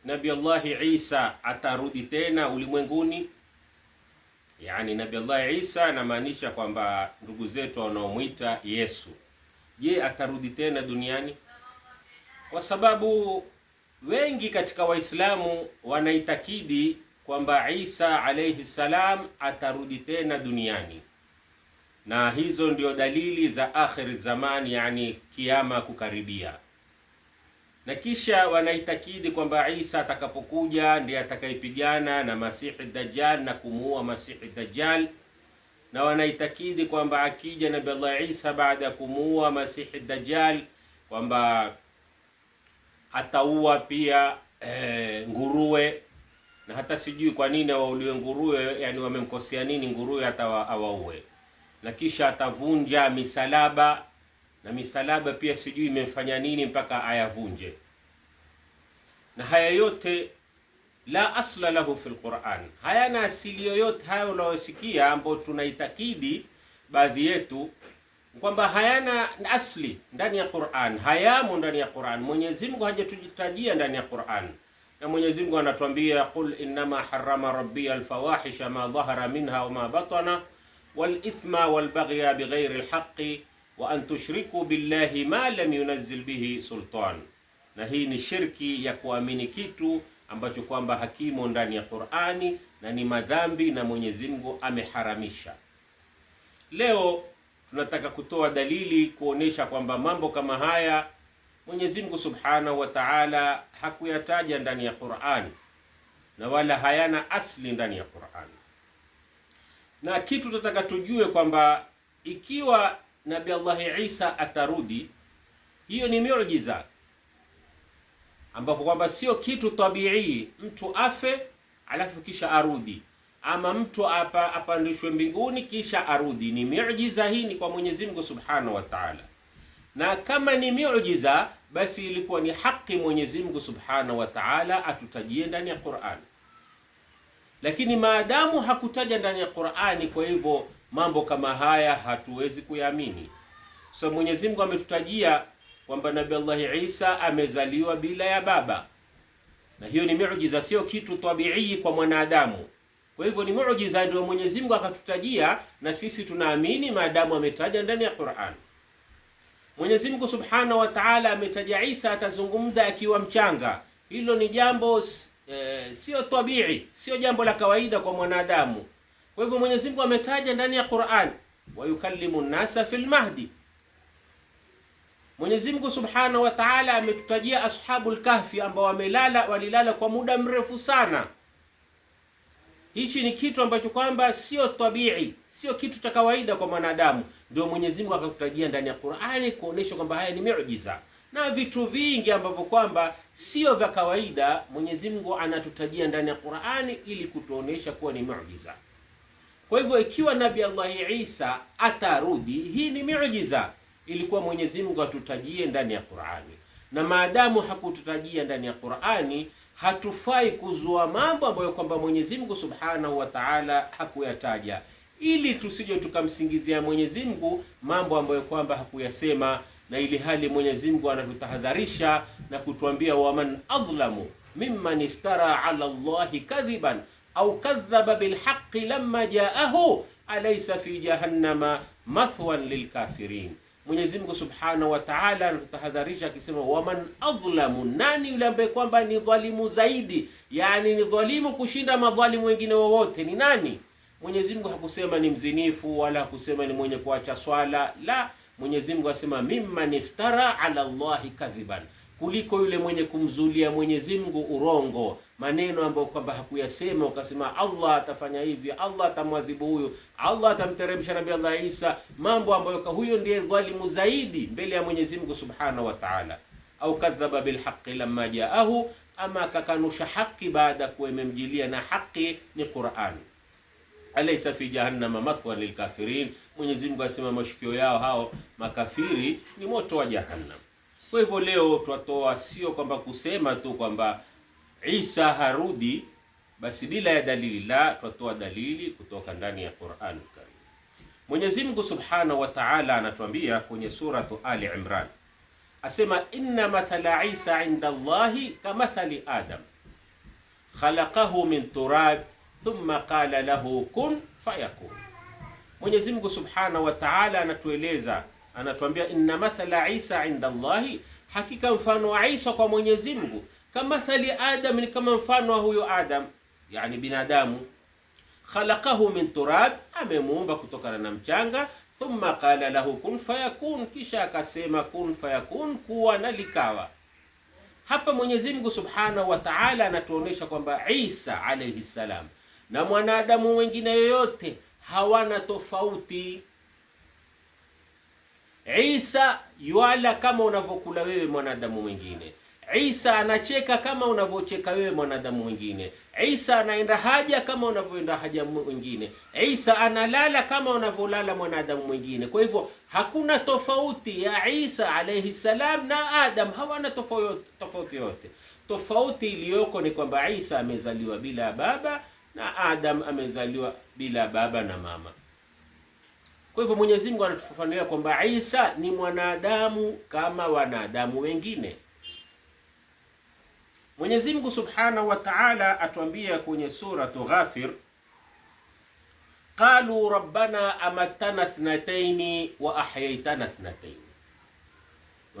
Nabi Allahi Isa atarudi tena ulimwenguni? Yaani Nabi Allahi Isa anamaanisha kwamba ndugu zetu wanaomwita Yesu, je, atarudi tena duniani? Kwa sababu wengi katika Waislamu wanaitakidi kwamba Isa alayhi salam atarudi tena duniani, na hizo ndio dalili za akhir zaman, yani kiama kukaribia na kisha wanaitakidi kwamba Isa atakapokuja ndiye atakayepigana na Masihi Dajjal na kumuua Masihi Dajjal, na wanaitakidi kwamba akija Nabii Allah Isa baada ya kumuua Masihi Dajjal kwamba ataua pia e, nguruwe na hata sijui kwa nini awauliwe nguruwe, yani wamemkosea nini nguruwe hata awaue, na kisha atavunja misalaba na misalaba pia sijui imemfanya nini mpaka ayavunje. Na haya yote la asla lahu fi lquran, hayana asili yoyote haya unayosikia, ambayo tunaitakidi baadhi yetu kwamba hayana asli ndani ya Qur'an, hayamo ndani ya Qur'an. Mwenyezi Mungu hajatujitajia ndani ya Qur'an, na Mwenyezi Mungu anatuambia qul innama harrama rabbi alfawahisha ma dhahara minha wa ma batana wal ithma wal baghya bighairi alhaqqi wa an tushriku billahi ma lam yunazil bihi sultan, na hii ni shirki ya kuamini kitu ambacho kwamba hakimo ndani ya Qur'ani na ni madhambi na Mwenyezi Mungu ameharamisha. Leo tunataka kutoa dalili kuonesha kwamba mambo kama haya Mwenyezi Mungu Subhanahu wa Ta'ala hakuyataja ndani ya Qur'ani na wala hayana asli ndani ya Qur'ani. Na kitu tunataka tujue kwamba ikiwa Nabii Allahi Isa atarudi, hiyo ni miujiza ambapo kwamba sio kitu tabii mtu afe alafu kisha arudi, ama mtu apa, apandishwe mbinguni kisha arudi. Ni miujiza hii, ni kwa Mwenyezi Mungu Subhanahu wa Ta'ala, na kama ni miujiza basi ilikuwa ni haki Mwenyezi Mungu Subhanahu wa Ta'ala atutajie ndani ya Qur'an, lakini maadamu hakutaja ndani ya Qur'ani, kwa hivyo mambo kama haya hatuwezi kuyaamini. So Mwenyezi Mungu ametutajia kwamba Nabii Allah Isa amezaliwa bila ya baba, na hiyo ni miujiza, sio kitu tabii kwa mwanadamu. Kwa hivyo ni muujiza, ndio Mwenyezi Mungu akatutajia, na sisi tunaamini maadamu ametaja ndani ya Qur'an. Mwenyezi Mungu Subhanahu wa Ta'ala ametaja Isa atazungumza akiwa mchanga. Hilo ni jambo eh, sio tabii, sio jambo la kawaida kwa mwanadamu. Kwa hivyo Mwenyezi Mungu ametaja ndani ya Qur'an, wa yukallimu fil mahdi. Mwenyezi Mungu Subhanahu wa Ta'ala ametutajia ashabul kahfi ambao wamelala, walilala kwa muda mrefu sana. Hichi ni kitu ambacho kwamba sio tabii, sio kitu cha kawaida kwa mwanadamu. Ndio Mwenyezi Mungu akakutajia ndani ya Qur'ani kuonesha kwamba haya ni miujiza na vitu vingi ambavyo kwamba sio vya kawaida, Mwenyezi Mungu anatutajia ndani ya Qur'ani ili kutuonesha kuwa ni miujiza. Kwa hivyo ikiwa Nabii Allahi Isa atarudi, hii ni miujiza ilikuwa Mwenyezi Mungu atutajie ndani ya Qur'ani, na maadamu hakututajia ndani ya Qur'ani, hatufai kuzua mambo ambayo kwamba Mwenyezi Mungu Subhanahu wa Ta'ala hakuyataja ili tusije tukamsingizia Mwenyezi Mungu mambo ambayo kwamba hakuyasema, na ili hali Mwenyezi Mungu anatutahadharisha na kutuambia, waman adhlamu mimman iftara ala Allahi kadhiban au kadhaba bilhaqi lamma jaahu alaysa fi jahannama mathwan lilkafirin. Mwenyezi Mungu subhanahu wa Ta'ala anatutahadharisha akisema, waman adhlamu, nani yule ambaye kwamba ni dhalimu zaidi, yani ni dhalimu kushinda madhalimu wengine wowote, ni nani? Mwenyezi Mungu hakusema ni mzinifu wala hakusema ni mwenye kuacha swala, la Mwenyezi Mungu asema, mimman iftara ala Allahi kadhiban kuliko yule mwenye kumzulia Mwenyezi Mungu urongo, maneno ambayo kwamba hakuyasema, ukasema Allah atafanya hivi, Allah atamwadhibu huyu, Allah atamteremsha Nabii Allah Isa, mambo ambayo huyo ndiye dhalimu zaidi mbele ya Mwenyezi Mungu Subhanahu wa Ta'ala. Au kadhaba bilhaqi lamma jaahu, ama akakanusha haki baada ya kuwa imemjilia, na haki ni Qur'an. Alaysa fi jahannama mathwa lilkafirin, Mwenyezi Mungu asema mashukio yao hao makafiri ni moto wa jahannam. Kwa hivyo leo twatoa sio kwamba kusema tu kwamba Isa harudi basi bila ya dalili, la, twatoa dalili kutoka ndani ya Qur'an Karim. Mwenyezi Mungu Subhanahu wa Ta'ala anatuambia kwenye suratu Ali Imran, asema inna mathala Isa inda Allahi kamathali Adam khalaqahu min turab thumma qala lahu kun fayakun. Mwenyezi Mungu Subhanahu wa Ta'ala anatueleza anatuambia inna mathala Isa inda llahi, hakika mfano wa Isa kwa Mwenyezi Mungu kamathali Adam, ni kama mfano wa huyo Adam, yani binadamu. Khalaqahu min turab, amemuumba kutokana na mchanga. Thumma qala lahu kun fayakun, kisha akasema kun fayakun, kuwa na likawa. Hapa Mwenyezi Mungu subhanahu wa taala anatuonesha kwamba Isa alayhi salam na mwanadamu mwingine yoyote hawana tofauti Isa yuala kama unavyokula wewe mwanadamu mwingine. Isa anacheka kama unavyocheka wewe mwanadamu mwingine. Isa anaenda haja kama unavyoenda haja mwingine. Isa analala kama unavyolala mwanadamu mwingine. Kwa hivyo hakuna tofauti ya Isa alayhi salam na Adam, hawana tofauti yote. Tofauti iliyoko ni kwamba Isa amezaliwa bila baba na Adam amezaliwa bila baba na mama. Kwa hivyo Mwenyezi Mungu anatufafanulia kwamba Isa ni mwanadamu kama wanadamu wengine. Mwenyezi Mungu Subhanahu wa Ta'ala atuambia kwenye sura Ghafir, qalu rabbana amatana thnataini wa ahyaitana thnataini,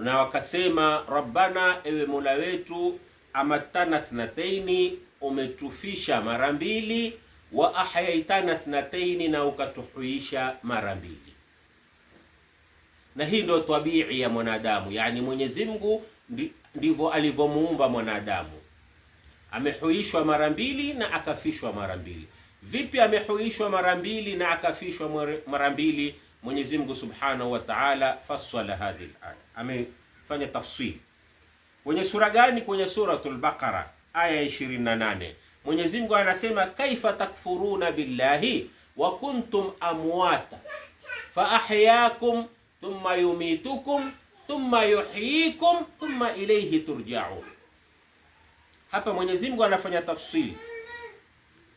na wakasema rabbana, ewe mola wetu, amatana thnataini, umetufisha mara mbili wa ahyaitana thnataini, na ukatuhuisha mara mbili. Na hii ndio tabii ya mwanadamu, yani Mwenyezi Mungu ndivyo alivyomuumba mwanadamu, amehuishwa mara mbili na akafishwa mara mbili. Vipi amehuishwa mara mbili na akafishwa mara mbili? Mwenyezi Mungu Subhanahu wa Ta'ala fassala hadhihi al-aya, amefanya tafsiri kwenye sura gani? Kwenye Suratul Baqara aya 28. Mwenyezi Mungu anasema kaifa takfuruna billahi wa kuntum amwata fa ahyakum thumma yumitukum thumma yuhyikum thumma ilayhi turjaun. Hapa Mwenyezi Mungu anafanya tafsiri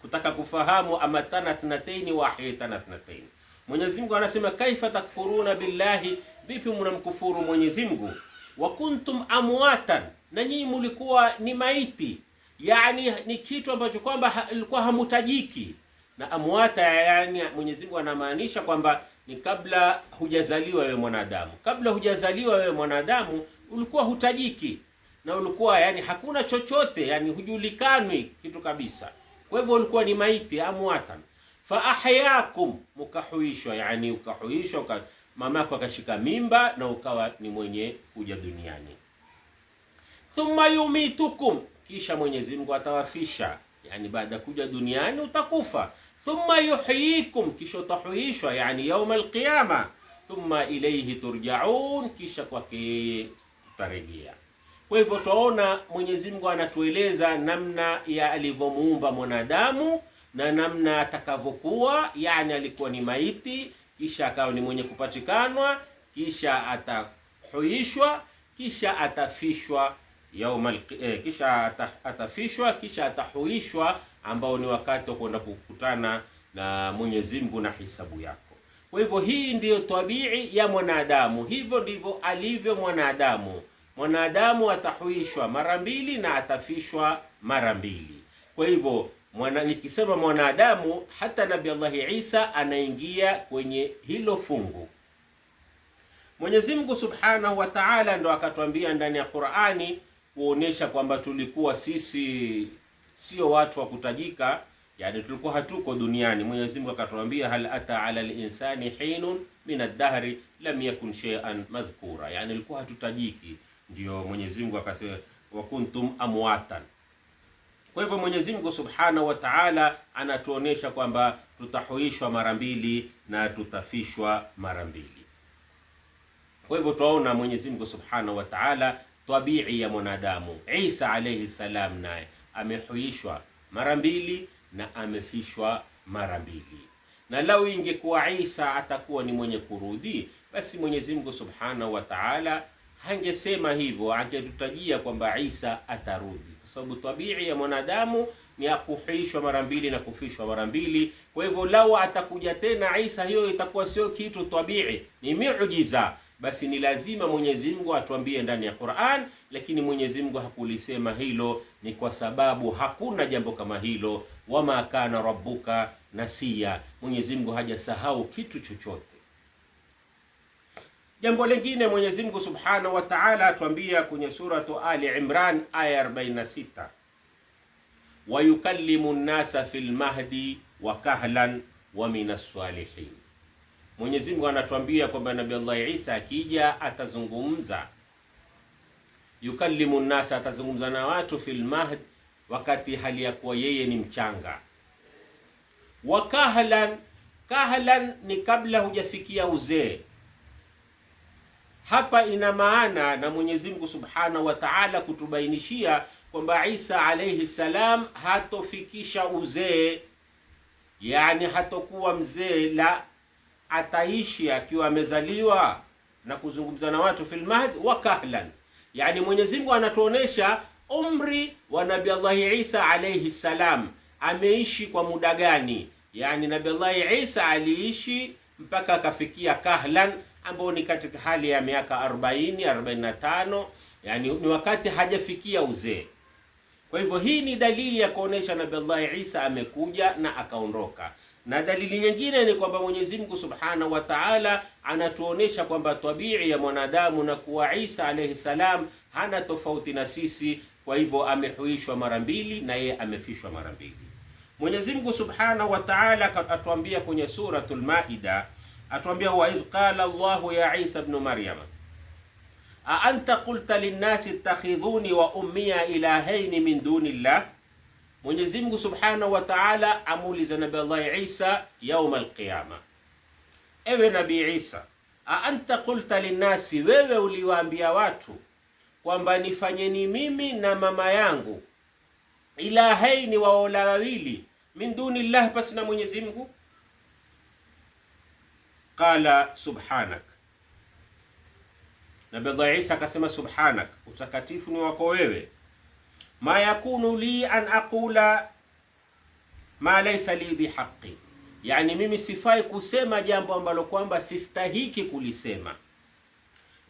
kutaka kufahamu amatana thnataini wa ahyaytana thnataini. Mwenyezi Mungu anasema kaifa takfuruna billahi, vipi mnamkufuru Mwenyezi Mungu? Wa kuntum amwatan, na nyinyi mulikuwa ni maiti yani ni kitu ambacho kwamba ilikuwa hamutajiki na amwata, yani Mwenyezi Mungu anamaanisha kwamba ni kabla hujazaliwa wewe mwanadamu, kabla hujazaliwa wewe mwanadamu ulikuwa hutajiki na ulikuwa yani hakuna chochote, yani hujulikanwi kitu kabisa. Kwa hivyo ulikuwa ni maiti amwata, fa ahyakum, mukahuishwa, yani ukahuishwa uka, yako akashika mimba na ukawa ni mwenye kuja duniani, thumma yumitukum kisha Mwenyezi Mungu atawafisha, yani baada ya kuja duniani utakufa, thumma yuhyikum, kisha utahuishwa, yani yauma alqiyama, thumma ilayhi turjaun, kisha kwake yeye tutarejea. Kwa hivyo twaona Mwenyezi Mungu anatueleza namna ya alivyomuumba mwanadamu na namna atakavyokuwa, yani alikuwa ni maiti, kisha akawa ni mwenye kupatikanwa, kisha atahuishwa, kisha atafishwa yauma eh, kisha atafishwa, kisha atahuishwa, ambao ni wakati wa kwenda kukutana na Mwenyezi Mungu na hisabu yako. Kwa hivyo hii ndiyo tabii ya mwanadamu, hivyo ndivyo alivyo mwanadamu. Mwanadamu atahuishwa mara mbili na atafishwa mara mbili. Kwa hivyo mwana, nikisema mwanadamu, hata Nabii Allahi Isa anaingia kwenye hilo fungu. Mwenyezi Mungu Subhanahu wa Ta'ala ndo akatwambia ndani ya Qur'ani kuonesha kwamba tulikuwa sisi sio watu wa kutajika, yani tulikuwa hatuko duniani. Mwenyezi Mungu akatuambia, hal ata ala linsani hinun min ad-dahri lam yakun shay'an madhkura, yani ilikuwa hatutajiki. Ndio Mwenyezi Mungu akasema wa kuntum amwatan. Kwa hivyo Mwenyezi Mungu Subhanahu wa Ta'ala anatuonesha kwamba tutahuishwa mara mbili na tutafishwa mara mbili. Kwa hivyo tunaona Mwenyezi Mungu Subhanahu wa Ta'ala tabii ya mwanadamu. Isa alayhi salam naye amehuishwa mara mbili na amefishwa mara mbili, na lau ingekuwa Isa atakuwa ni mwenye kurudi, basi Mwenyezi Mungu Subhanahu wa Ta'ala hangesema hivyo, angetutajia kwamba Isa atarudi, kwa sababu tabii ya mwanadamu ni ya kuhuishwa mara mbili na kufishwa mara mbili. Kwa hivyo, lau atakuja tena Isa, hiyo itakuwa sio kitu tabii, ni miujiza. Basi ni lazima Mwenyezi Mungu atuambie ndani ya Qur'an, lakini Mwenyezi Mungu hakulisema hilo, ni kwa sababu hakuna jambo kama hilo. Wama kana rabbuka nasia, Mwenyezi Mungu hajasahau kitu chochote. Jambo lingine Mwenyezi Mungu Subhanahu wa Ta'ala atuambia kwenye suratu Ali Imran aya 46, wa yukallimu nnasa fil mahdi wa kahlan wa minas salihin. Mwenyezi Mungu anatuambia kwamba Nabii Allah Isa akija atazungumza, yukallimu nnasa, atazungumza na watu fil mahdi, wakati hali ya kuwa yeye ni mchanga, wa kahlan. Kahlan ni kabla hujafikia uzee hapa ina maana na Mwenyezi Mungu Subhanahu wa Ta'ala kutubainishia kwamba Isa alayhi salam hatofikisha uzee, yani hatokuwa mzee, la ataishi akiwa amezaliwa na kuzungumza na watu fil mahdi wa kahlan. Yani Mwenyezi Mungu anatuonesha umri wa Nabi Allahi Isa alayhi salam ameishi kwa muda gani, yani Nabi Allah Isa aliishi mpaka akafikia kahlan ambao ni katika hali ya miaka 40, 45, yani ni wakati hajafikia uzee. Kwa hivyo hii ni dalili ya kuonesha Nabii Allah Isa amekuja na akaondoka, na dalili nyingine ni kwamba Mwenyezi Mungu Subhanahu wa Ta'ala anatuonesha kwamba tabii ya mwanadamu na kuwa Isa alayhi salam hana tofauti na sisi. Kwa hivyo amehuishwa mara mbili na yeye amefishwa mara mbili. Mwenyezi Mungu Subhanahu wa Ta'ala atuambia kwenye suratul Maida atuambia wa idh qala Allahu ya Isa ibn Maryam a anta qulta linnasi ittakhidhuni wa ummiya ilahaini min dunillah. Mwenyezi Mungu subhanahu wa taala amuuliza Nabii Allah Isa yauma alqiyama, ewe Nabii Isa, a anta qulta linnasi, wewe uliwaambia watu kwamba nifanyeni mimi na mama yangu ilahaini waola wawili min dunillah, llah, pasi na Mwenyezi Mungu qala subhanak, na Nabii Isa akasema subhanak, utakatifu ni wako wewe, ma yakunu li an aqula ma laysa li bihaqi, yani mimi sifai kusema jambo ambalo kwamba sistahiki kulisema.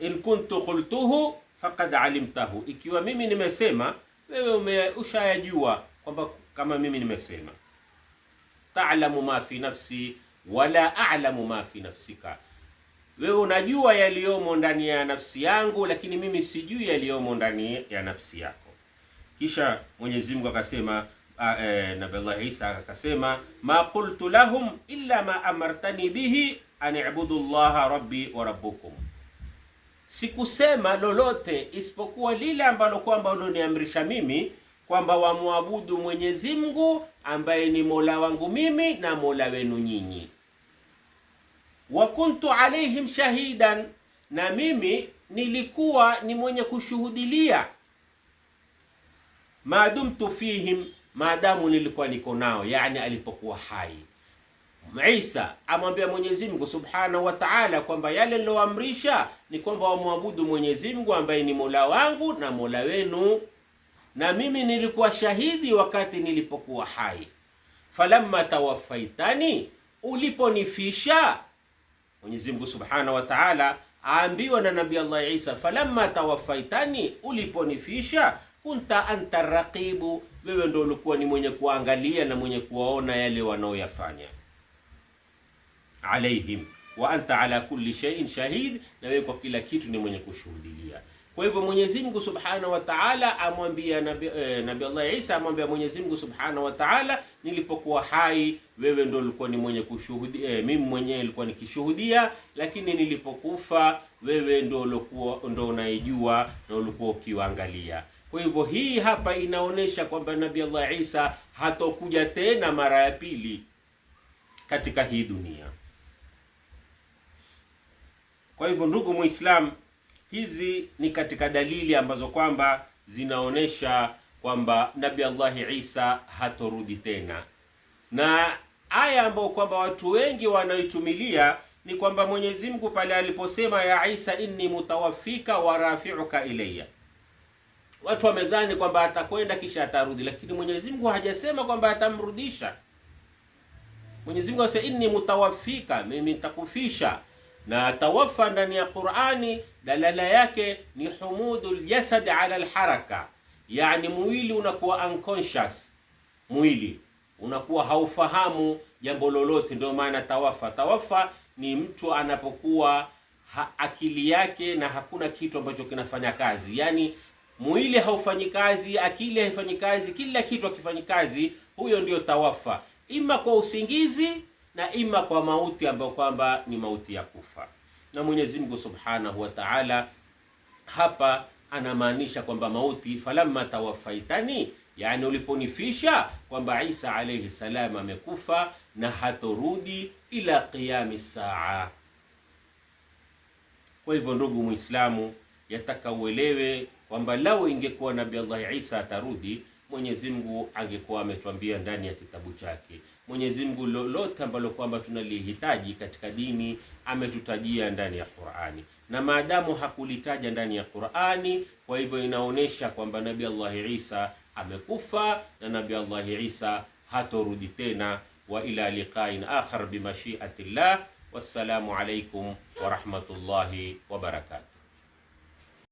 In kuntu qultuhu faqad alimtahu, ikiwa mimi nimesema wewe ushayajua kwamba kama mimi nimesema. Ta'lamu ma fi nafsi wala a'lamu ma fi nafsika, wewe unajua yaliyomo ndani ya nafsi yangu, lakini mimi sijui yaliyomo ndani ya nafsi yako. Kisha Mwenyezi Mungu akasema e, Allah Isa akasema ma qultu lahum illa ma amartani bihi an i'budu llaha rabbi wa rabbukum, sikusema lolote isipokuwa lile ambalo kwamba ulioniamrisha mimi kwamba wamwabudu Mwenyezi Mungu ambaye ni Mola wangu mimi na Mola wenu nyinyi. Wa kuntu alaihim shahidan, na mimi nilikuwa ni mwenye kushuhudilia. Madumtu fihim, maadamu nilikuwa niko nao, yani alipokuwa hai. Isa amwambia Mwenyezi Mungu Subhanahu wa Ta'ala kwamba yale niloamrisha ni kwamba wamwabudu Mwenyezi Mungu ambaye ni Mola wangu na Mola wenu na mimi nilikuwa shahidi wakati nilipokuwa hai. Falamma tawafaitani, uliponifisha. Mwenyezi Mungu Subhanahu wa Ta'ala aambiwa na Nabii Allah Isa, falamma tawafaitani, uliponifisha kunta anta raqibu, wewe ndio ulikuwa ni mwenye kuangalia na mwenye kuwaona yale wanaoyafanya alaihim wa anta ala kulli shay'in shahid, na wewe kwa kila kitu ni mwenye kushuhudia. Kwa hivyo Mwenyezi Mungu Subhanahu wa Ta'ala amwambia Nabii eh, Nabii Allah Isa amwambia Mwenyezi Mungu Subhanahu wa Ta'ala, nilipokuwa hai wewe ndio ulikuwa ni mwenye kushuhudia eh, mimi mwenyewe nilikuwa nikishuhudia, lakini nilipokufa wewe ndio ulikuwa ndio unaijua na ulikuwa ukiangalia. Kwa hivyo hii hapa inaonyesha kwamba Nabii Allah Isa hatokuja tena mara ya pili katika hii dunia. Kwa hivyo ndugu Muislamu, Hizi ni katika dalili ambazo kwamba zinaonesha kwamba Nabii Allahi Isa hatorudi tena, na aya ambayo kwamba watu wengi wanaitumilia ni kwamba Mwenyezi Mungu pale aliposema ya Isa, inni mutawafika wa rafiuka ilayya, watu wamedhani kwamba atakwenda kisha atarudi, lakini Mwenyezi Mungu hajasema kwamba atamrudisha. Mwenyezi Mungu anasema inni mutawafika, mimi nitakufisha na atawafa ndani ya Qur'ani, dalala yake ni humudul jasad ala alharaka, yani mwili unakuwa unconscious, mwili unakuwa haufahamu jambo lolote, ndio maana tawafa. Tawafa ni mtu anapokuwa ha akili yake na hakuna kitu ambacho kinafanya kazi, yani mwili haufanyi kazi, akili haifanyi kazi, kila kitu hakifanyi kazi, huyo ndio tawafa, ima kwa usingizi na ima kwa mauti ambayo kwamba ni mauti ya kufa. Na Mwenyezi Mungu Subhanahu wa Ta'ala hapa anamaanisha kwamba mauti falamma tawafaitani, yani uliponifisha kwamba Isa alayhi salam amekufa na hatorudi ila qiyami saa. Kwa hivyo ndugu Muislamu, yataka uelewe kwamba lau ingekuwa Nabii Allah Isa atarudi Mwenyezi Mungu angekuwa ametuambia ndani ya kitabu chake. Mwenyezi Mungu lolote ambalo kwamba tunalihitaji katika dini ametutajia ndani ya Qur'ani, na maadamu hakulitaja ndani ya Qur'ani, kwa hivyo inaonyesha kwamba Nabii Allah Isa amekufa na Nabii Allah Isa hatorudi tena. Wa ila liqa'in akhar bimashiatillah. Wassalamu alaykum wa rahmatullahi wa barakatuh.